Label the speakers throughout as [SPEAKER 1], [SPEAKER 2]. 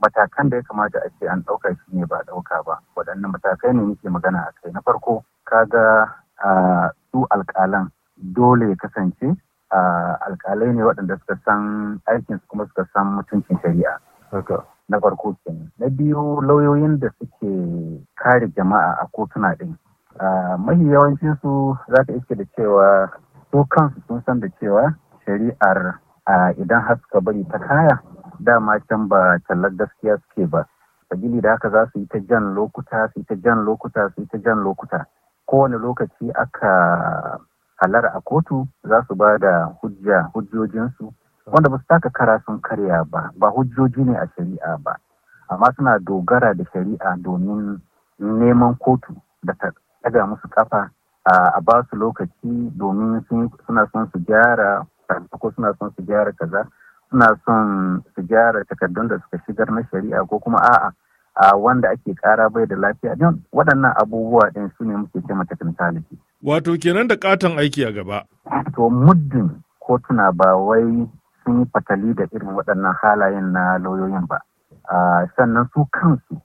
[SPEAKER 1] matakan da ya kamata a ce an ɗauka shi ne ba ɗauka ba waɗannan matakai ne nake magana a kai na farko Ka kaga su alƙalan dole ya kasance alƙalai ne waɗanda suka san aikinsu kuma suka san mutuncin shari'a na farko kenan na biyu lauyoyin da suke kare jama'a a kotuna ɗin mahi yawancin su za ka iske da cewa su kansu sun san da cewa shari'ar idan har suka bari ta kaya dama can ba tallar gaskiya suke ba sabili da haka za su yi ta jan lokuta su yi ta jan lokuta su yi ta jan lokuta kowane lokaci aka halar a kotu za su ba da hujja hujjojinsu wanda ba su taka kara sun karya ba ba hujjoji ne a shari'a ba amma suna dogara da shari'a domin neman kotu da ta daga musu kafa a ba su lokaci domin suna son su gyara ko suna son su gyara kaza suna son su gyara takardun da suka shigar na shari'a ko kuma a'a a wanda ake kara bai da lafiya don waɗannan abubuwa ɗin su ne muke ce mata kintaliki. Wato kenan da katon aiki a gaba. To muddin kotuna ba wai sun yi fatali da irin waɗannan halayen na lauyoyin ba. Sannan su kansu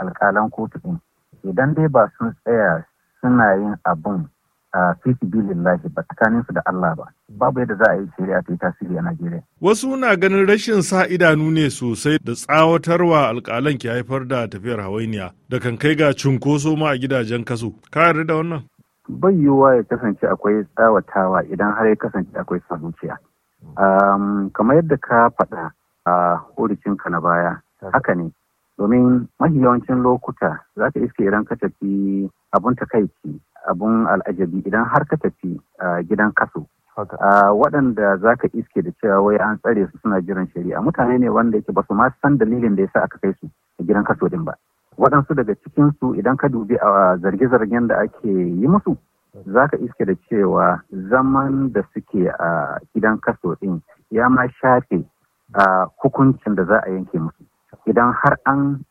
[SPEAKER 1] alƙalan kotu ɗin idan dai ba sun tsaya suna yin abin a bilin bilillahi ba tsakanin su da Allah ba babu yadda za a yi shari'a ta yi tasiri a Najeriya. Wasu na ganin rashin sa idanu ne sosai da tsawatarwa alƙalan ke haifar da tafiyar hawainiya da kan kai ga cunkoso ma a gidajen kaso. Ka yarda da wannan? Bai yiwuwa ya kasance akwai tsawatawa idan har ya kasance akwai sabuciya zuciya. kamar yadda ka faɗa a ka na baya, haka ne. Domin mahi yawancin lokuta za ka iske idan ka tafi abun takaici abun al'ajabi idan har ka tafi gidan kaso waɗanda za ka iske da cewa wai an tsare su suna jiran shari'a mutane ne wanda yake ba su ma san dalilin da ya sa aka kai su a gidan kaso din ba waɗansu daga cikinsu idan ka dubi a zarge-zargen da ake yi musu za ka iske da cewa zaman da suke a gidan kaso din ya ma shafe a hukuncin da za a yanke musu idan har an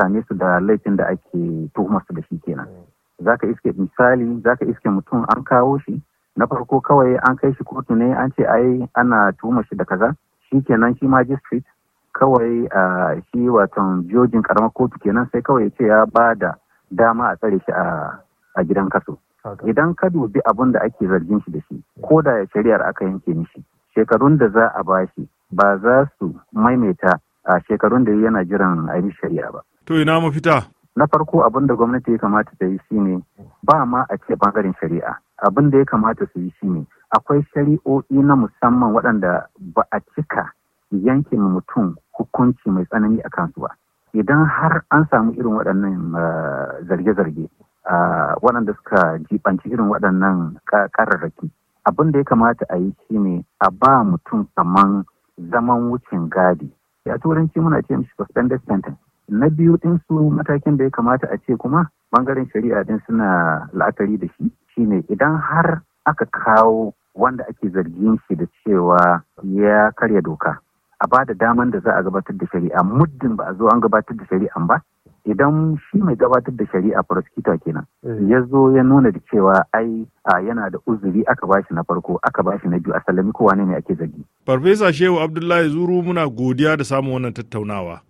[SPEAKER 1] same su da laifin da ake tuhumar su da shi kenan mm. za ka iske misali za ka iske mutum an kawo shi na farko kawai an kai shi kotu ne an ce ai ana tuhuma shi da kaza shi kenan shi magistrate kawai a shi watan jojin karamar kotu kenan sai kawai ce ya ba da dama a tsare shi a gidan kaso idan ka dubi abin da ake zargin shi da shi ko da shari'ar aka yanke mishi shekarun da za a ba shi ba za su maimaita a shekarun da yana jiran a shari'a ba to ina mafita na farko abin da gwamnati ya kamata ta yi shine ba ma a ce bangaren shari'a abin da ya kamata su yi shine akwai shari'o'i na musamman waɗanda ba a cika yankin mutum hukunci mai tsanani a kansu ba idan har an samu irin waɗannan eh, zarge-zarge eh, waɗanda suka jibanci irin waɗannan ƙararraki abin da ya kamata a yi shine a ba mutum kaman zaman wucin gadi ya turanci muna ce mishi suspended sentence na biyu su matakin da ya kamata a ce kuma bangaren shari'a din suna la'akari da shi shine idan har aka kawo wanda ake zargin shi da cewa ya karya doka a ba da daman da za a gabatar da shari'a muddin ba a zo an gabatar da shari'a ba idan shi mai gabatar da shari'a prosecutor kenan eh. ya zo ya nuna da cewa ai a yana da uzuri aka bashi na farko aka bashi na biyu salami kowa ne ake zargi farfesa shehu abdullahi zuru muna godiya da samun wannan tattaunawa